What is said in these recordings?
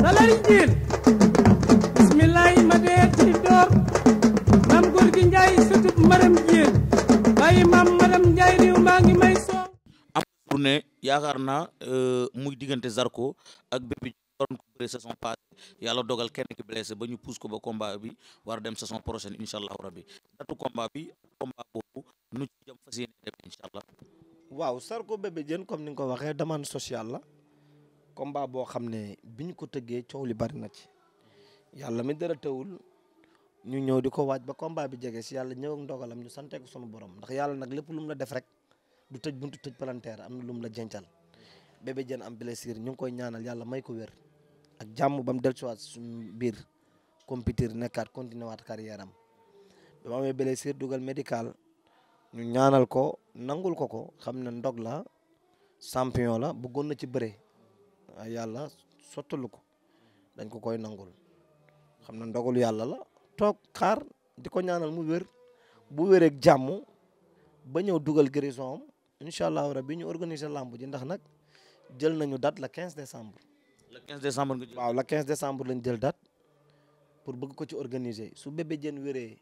salay jiin bismillahi ma dee ci door maam góor gi njaay sëtub maram jiin bàyyi maam maram njaay réew maa ngi may soow am tourné yaakaar naa euh, muy diggante Zarko ak Bébé doon ko bëre saison passée yàlla dogal kenn ki blessé ba ñu pousse ko ba combat bi war dem saison prochaine incha allahu rabbi datu combat bi combat boobu nu ci jëm fas yéene allah waaw Zarko Bébé Diène comme ni nga ko waxee demande social la combat boo xam ne bi ñu ko tëggee coow li bari na ci yàlla mi dara tawul ñu ñëw di ko waaj ba combat bi jege si yàlla ñëw ak ndogalam ñu santee ko sunu borom ndax yàlla nag lépp lu mu la def rek du tëj buntu tëj palanteer am na lu mu la jencal bébé jën am blessure ñu ngi koy ñaanal yàlla may ko wér ak jàmm ba mu dellusiwaat suñu biir compétir nekkaat continuer waat carrière am ba mu amee médical ñu ñaanal ko nangul ko ko xam ne ndog la champion la bëggoon na ci bëre yàlla sottalu ko dañ ko koy nangul xam na ndogalu yàlla la toog xaar di ko ñaanal mu wér bu wéreeg jàmm ba ñëw dugal guérison am incha allahu rabbi ñu organiser lamb ji ndax nag jël nañu date le 15 décembre. le 15 décembre nga jël waaw le 15 ko ci organiser su bébé jën wéree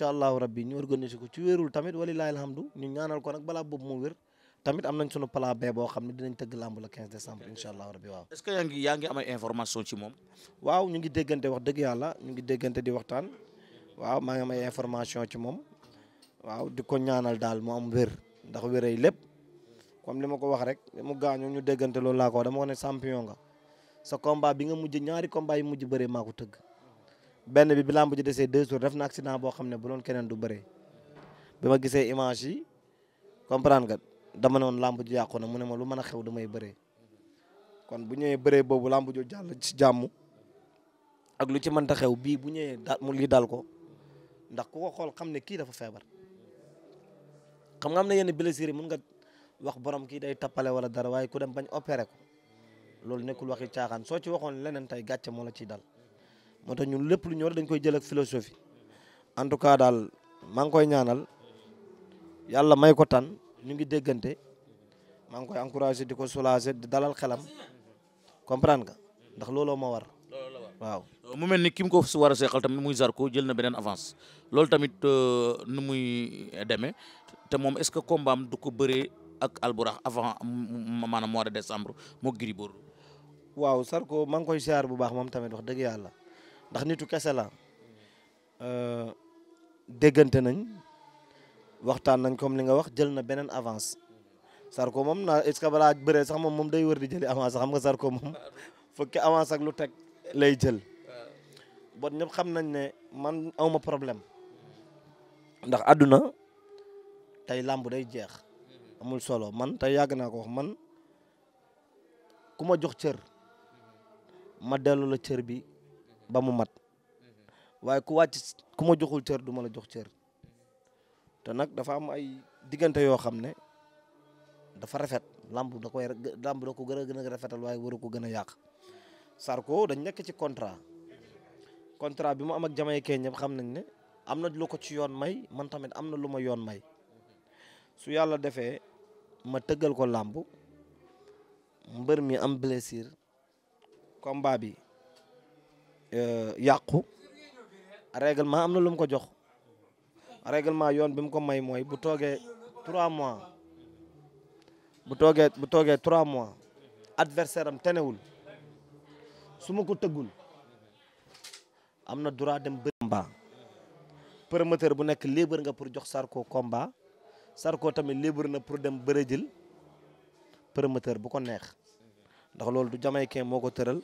allahu rabbi ñu organiser ko ci wérul tamit walilahi alhamdu ñu ñaanal ko nag balaa boobu mu wér. tamit am nañ sunu palaa B boo xam ne dinañ tëgg làmb le 15 décembre incha allah rabbi waaw. est ce que yaa ngi waaw ñu ngi déggante wax dëgg yàlla ñu ngi déggante di waxtaan waaw maa ngi am information ci moom waaw di ko ñaanal daal mu wér ndax wérey lépp comme li ma ko wax rek mu gaañoo ñu déggante loolu laa ko dama ko ne champion sa combat bi nga mujj ñaari combat yi mujj bëree maa ko tëgg benn bi bi làmb ji desee deux jours def na accident boo xam ne bu doon keneen du bëree bi ma gisee image yi comprendre dama non lamb ju yakuna yàqu ma lu meuna xew damay beure kon bu ñewé beure bobu lamb jo jall ci jàmm ak lu ci mënta xew bi bu ñewé mu li dal ko ndax ku ko xol xamne ne dafa febar xam nga amna yene blessure mun nga wax borom ki day tappale wala dara way ku dem bañ opéré ko lol nekul waxi caaxaan so ci waxon lenen tay gatcha mo la ci dal moo ñun lepp lu ñor dañ koy jël ak philosophie en tout cas dal mang koy ñaanal yalla may ko tan ñu ngi déggante maa ngi koy encouragé di ko soulager di dalal xelam comprendre nga ndax looloo ma war. waaw. mu mel ni kim mu ko war a seexal tamit muy Zarko jël na beneen avance loolu tamit euh, nu muy deme te moom est-ce que combat am du ko bëree ak Alburax avant maanaam mois de décembre moo Gris Bordeaux. waaw Zarko maa ngi koy siyaar bu baax moom tamit wax dëgg yàlla ndax nitu kese la euh, nañ. waxtaan nañ comme li nga wax jël na beneen avance Sarko moom naa est-ce que balaa bëree sax moom moom day wër di jëli avance xam nga Sarko moom fukki avance ak lu teg lay jël bon ñëpp xam nañ ne man awma problème ndax àdduna tey làmb day jeex amul solo man tey yàgg naa ko man ku ma jox cër ma dellu la cër bi ba mu mat waaye ku wàcc ku ma joxul cër du ma la jox cër te nag dafa am ay diggante yoo xam ne dafa rafet làmb da koy làmb da ko gën a gën a rafetal waaye waru ko gën a yàq Sarko dañ nekk ci contrat contrat bi mu am ak Jamaïcain ñëpp xam nañ ne am na lu ko ci yoon may man tamit am na lu ma yoon may su yàlla defee ma tëggal ko làmb mbër mi am blessure combat bi euh, yàqu règlement am na lu mu ko jox règlement yoon bi mu ko may mooy bu toogee trois mois bu toogee bu toogee trois mois adversaire am tenewul su ma ko tëggul am na droit dem bëri combat promoteur bu nekk libre nga pour jox Sarko combat Sarko tamit libre na pour dem bëri jël promoteur bu ko neex ndax loolu du jamaïcain moo ko tëral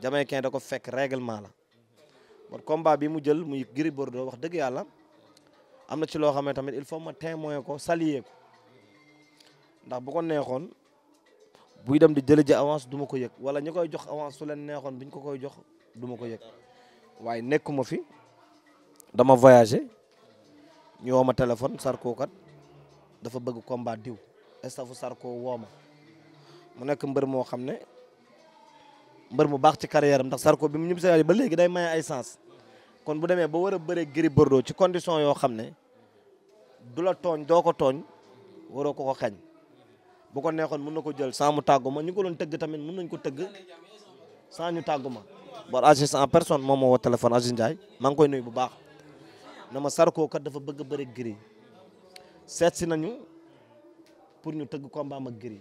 jamaïcain da ko fekk règlement la kon combat bi mu jël muy Gris Bordeaux wax dëgg yàlla am na ci lo xamé tamit il faut ma témoigner ko salier ko ndax bu ko neexon buy dem di jël ji avance duma ko yek wala ñu koy jox avance su len neexon buñ ko koy jox duma ko yek waye nekkuma fi dama voyager ñoma téléphone Sarko kat dafa bëgg combat diw estafu Sarko woma mu nek mbeur mo xamné mbeur mu bax ci carrière ndax Sarko bi mu bisale ba légui day may ay sens kon bu demee ba war a bëree Gris Bordeaux ci condition yoo xam ne du la tooñ doo ko tooñ waroo ko ko xañ bu ko neexoon mën na ko jël sans mu tàggu ma ñu ko doon tëgg tamit mën nañ ko tëgg sans ñu tàggu ma bon Aziz en personne moom moo woo téléphone Aziz Ndiaye maa ngi koy nuyu bu baax na ma Zarko kat dafa bëgg a bëri Gris seet si nañu pour ñu tëgg ko am ak gri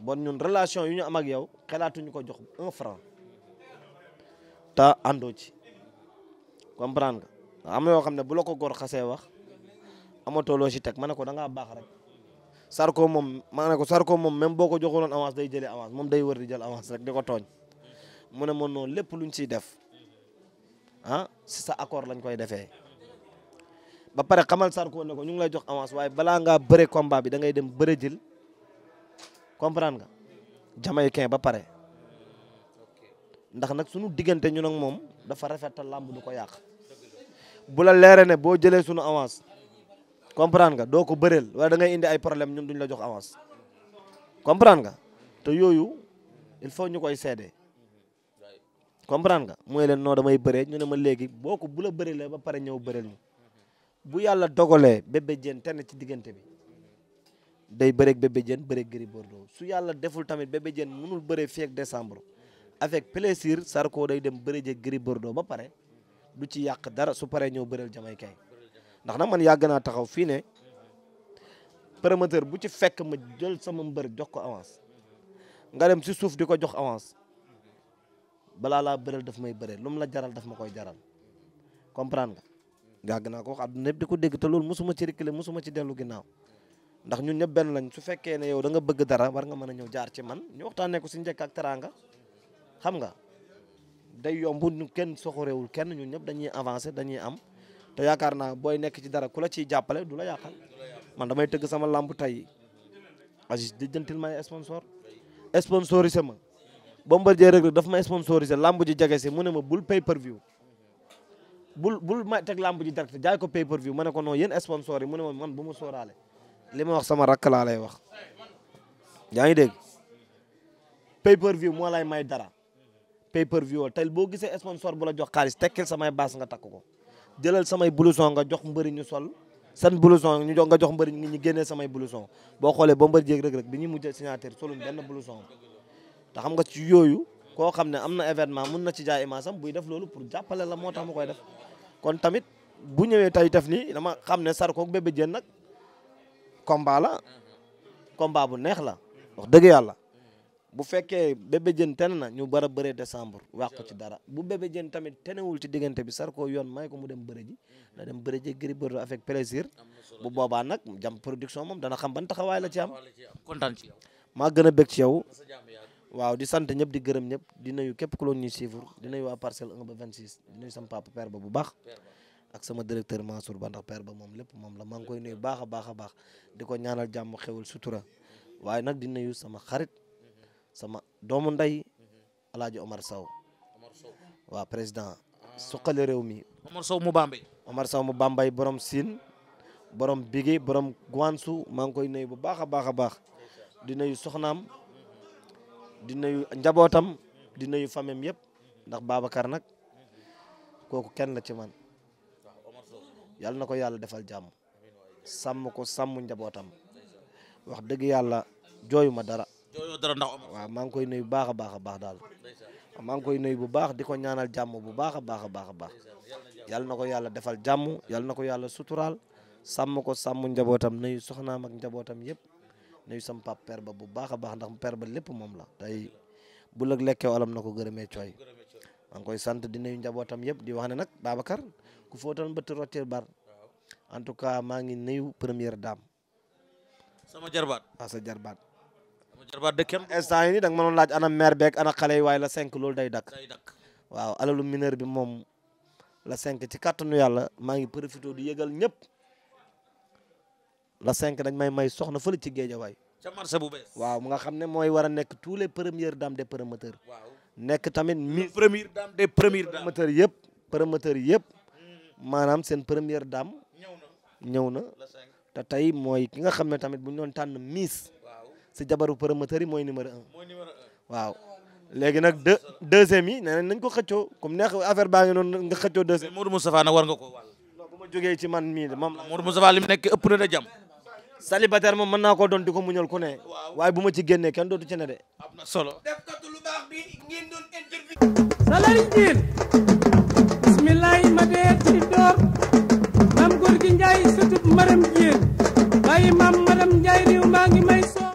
bon ñun relation yu ñu am ak yow xelaatuñu ko jox un franc te àndoo ci comprendre nga am yo xam ne bu la ko góor xasee wax amoto lo ci tek ma ko da nga bax rek Sarko mom ma ko Sarko mom même boko joxulon avance day jël avance mom day wër di jël avance rek diko togn mune mo lepp luñ ci def ah ci sa accord lañ koy defee ba paré xamal Sarko ne ko ñu ngi lay jox avance waye bala nga bëre combat bi da ngay dem bëre jël comprendre nga jamaïcain ba paré ndax nak suñu digënté ñun ak mom dafa rafetal lamb du ko yak bu la leere ne bo jëlee suñu avance comprendre nga doo ko bëreel wala da ngay indi ay problème ñun duñ la jox avance comprendre nga te yoyu il faut ñukoy cédé comprendre nga mooy leen noo damay bëree ñu ne ma légui boko bu la bëreelee ba paré ñew bëreel ñu bu yalla dogolé Bébé jeen tan ci digënté bi day bëreeg Bébé jeen bëreeg gëri Bordeaux su yalla deful tamit Bébé jeen mënul bëree fi ak décembre avec plaisir Sarko day dem bëri jëg Gris Bordeaux ba pare du ci yàq dara su paree ñëw bëreel jamaykay ndax nag man yàgg naa taxaw fii ne promoteur bu ci fekk ma jël sama mbër jox ko avance nga dem si suuf di ko jox avance balaa laa bëreel daf may bëreel lu mu la jaral daf ma koy jaral comprendre nga yàgg naa ko wax àdduna yëpp di ko dégg te lool mosuma ci reculer mosuma ci dellu ginnaaw ndax ñun ñëpp benn lañ su fekkee ne yow da nga bëgg dara war nga mën ñëw jaar ci man ñu waxtaanee ko si njëkk ak teraanga xam nga day yomb kenn soxorewul kenn ñun ñëpp dañuy avancer dañuy am te yaakaar naa booy nekk ci dara ku la ciy jàppale du la yàqal man damay tëgg sama làmb tey Aziz di jëntil may sponsor sponsorisé ma Bombardier Reug Reug daf ma sponsorisé làmb ji jege si mu ne ma bul pay per view bul bul teg lambu ji direct jaay ko pay per ma ne ko non yéen sponsor yi mu ma man bu ma sóoraale li ma wax sama rakk laa lay wax yaa ngi dégg pay per view may dara pay per view tey boo gisee sponsor bu la jox xaalis tekkil samay baas nga takk ko jëlal samay blouson nga jox mbëri ñu sol seen blouson ñu jox nga jox mbëri ñu ñu génnee samay blouson boo xoolee ba mbëri jéeg rek rek bi ñuy mujj signature solum benn blouson te xam nga ci yooyu koo xam ne am na événement mun na ci jaay image am buy def loolu pour jàppale la moo tax mu koy def kon tamit bu ñëwee tey def nii dama xam ne Zarko ak Bébé Diène nag combat la combat bu neex la yàlla bu fekkee bébé jën tene na ñu bara bëree décembre wax ko ci dara bu bébé jën tamit wul ci diggante bi Zarko yoon may ko mu dem bëre ji mm-hmm. na dem bëre ji Gris Bordeaux avec plaisir bu boobaa nag jam production moom dana xam ban taxawaay la ci am kontaan ci yow maa gën a bëgg ci yow waaw di sant ñëpp di gërëm ñëpp di nuyu képp ku loon ñuy suivre di nuyu waa parcelle 1 ba 26 di nuyu sama papa père ba bu baax ak sama directeur Mansour Ba ndax ba moom lépp moom la maa ngi koy nuyu baax a baax a baax di ko ñaanal jàmm xewul sutura mm-hmm. waaye nag di nuyu sama xarit sama doomu ndey mhm. alaaji Omar Sow waaw président ah. suqali réew mi Omar Sow mu Bambey Omar mu Bambey borom siin borom Bigé borom Guansu maa ngi koy nuyu bu baax a baax a baax di nuyu soxnaam di nuyu njabootam mhm. di nuyu famem yëpp mhm. ndax Babacar nag kooku kenn la ci man yàlla ko yàlla defal jàmm sàmm ko sàmm njabootam wax dëgg yàlla jooyu dara dara ndax. waaw maa ngi koy nuyu bu baax a baax a daal maa ngi koy nuyu bu baax di ko ñaanal jàmm bu baax a baax baax a baax yàlla na ko yàlla defal jàmm yàlla na ko yàlla suturaal sàmm ko sàmm njabootam nuyu soxnaam ak njabootam yëpp nuyu sam pap père bu baax a baax ndax père ba lépp moom la tey bu lëg lekkee alam na ko gërëmee cooy maa ngi koy sant di nuyu njabootam yëpp di wax ne nag Babacar ku footoon bëtt rottir bar en tout cas maa ngi nuyu première dame. sama jarbaat ah, jarbaat dëkkam instant yi nii da nga mënoon laaj ana maire beeg ana xale yi waaye la cinq loolu day dakk waaw alalu mineur bi moom la cinq ci kàttanu yàlla maa ngi profité di yëgal ñëpp la cinq dañ may may soxna fële ci géejawaay ca marché bu waaw mu nga xam ne mooy war a nekk tous les premières dames des promoteurs waaw nekk tamit mi première dame des premières dames promoteurs yëpp yëpp maanaam seen première dame ñëw na ñëw tey mooy ki nga xam ne tamit bu ñu doon tànn miis si jabaru promoteur yi mooy numéro un waaw léegi nag deux deuxième yi nañ ko xëcco comme neex affaire baa ngi noonu nga xëccoo deuxième. Modou Moustapha nag war nga ko wàll. non bu ma jógee ci man mii de moom la. Modou Moustapha li mu nekk ëpp na da jam. célibataire moom mën naa koo doon di ko muñal ku ne. waaye bu ma ci génnee kenn dootu ci de. am na solo. ma dee ci door. maam góor gi Ndiaye sëtub maram jiin. bàyyi maam maram Ndiaye réew maa ngi may soo.